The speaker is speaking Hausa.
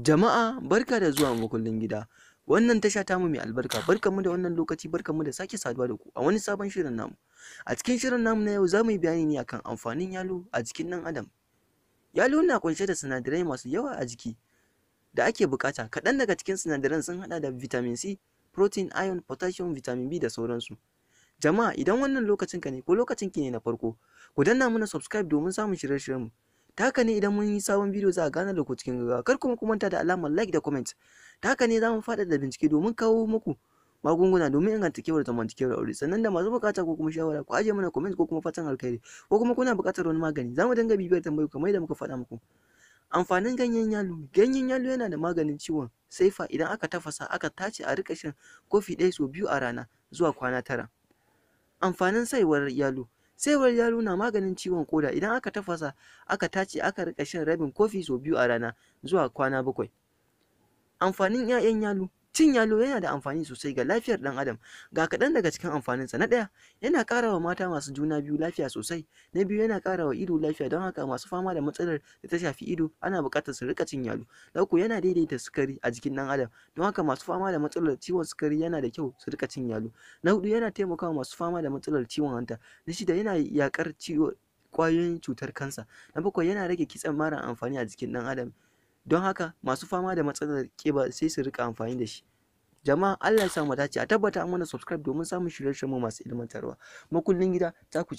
Jama'a barka da zuwa makullin gida. Wannan tasha mu mai albarka, barkanmu da wannan lokaci, barkanmu da sake saduwa da ku a wani sabon shirin namu. A cikin shirin namu na yau za mu yi bayani ne akan amfanin yalo a jikin ɗan adam. Yalo na kunshe da sinadarai masu yawa a jiki da ake bukata. Kaɗan daga cikin sinadaran sun haɗa da vitamin C, protein iron potassium vitamin b da sauransu jama'a idan wannan lokacin ka ne ko lokacin ki ne na farko ku danna mana subscribe domin samun shirye-shiryen mu ta ne idan mun yi sabon bidiyo za a gane da ku cikin gaggawa kar kuma ku manta da alamar like da comment taka ne za mu faɗa da bincike domin kawo muku magunguna domin inganta kewar zamantakewar aure sannan da masu bukata ko kuma shawara ku ajiye mana comment ko kuma fatan alkhairi ko kuma kuna bukatar wani magani za mu dinga bibiyar tambayoyi kamar yadda muka faɗa muku Amfanin ganyen yalo. Ganyen yalo yana da maganin ciwon saifa idan aka tafasa aka tace a rika shan kofi ɗaya sau biyu a rana zuwa kwana tara. Amfanin saiwar yalo. Saiwar yalo na maganin ciwon koda idan aka tafasa aka tace aka rika shan rabin kofi sau biyu a rana zuwa kwana bakwai. Amfanin 'ya'yan yalo. Cin yalo yana da amfani sosai ga lafiyar ɗan adam. Ga kaɗan daga cikin amfaninsa. Na ɗaya, yana ƙara wa mata masu juna biyu lafiya sosai. Na biyu, yana ƙara wa ido lafiya don haka masu fama da matsalar da ta shafi ido ana buƙatar su rika cin yalo. Na uku, yana daidaita sukari a jikin ɗan adam. Don haka masu fama da matsalar ciwon sukari yana da kyau su rika cin yalo. Na huɗu, yana taimakawa masu fama da matsalar ciwon hanta. Na shida, yana yaƙar ciwo ƙwayoyin cutar kansa. Na bakwai, yana rage kitsen mara amfani a jikin ɗan adam. don haka masu fama da matsalar ƙiba sai su rika amfani da shi jama'a Allah ya sa mu dace a tabbata an mana subscribe domin samun shirye-shiryen mu masu ilmantarwa makullin gida ta ku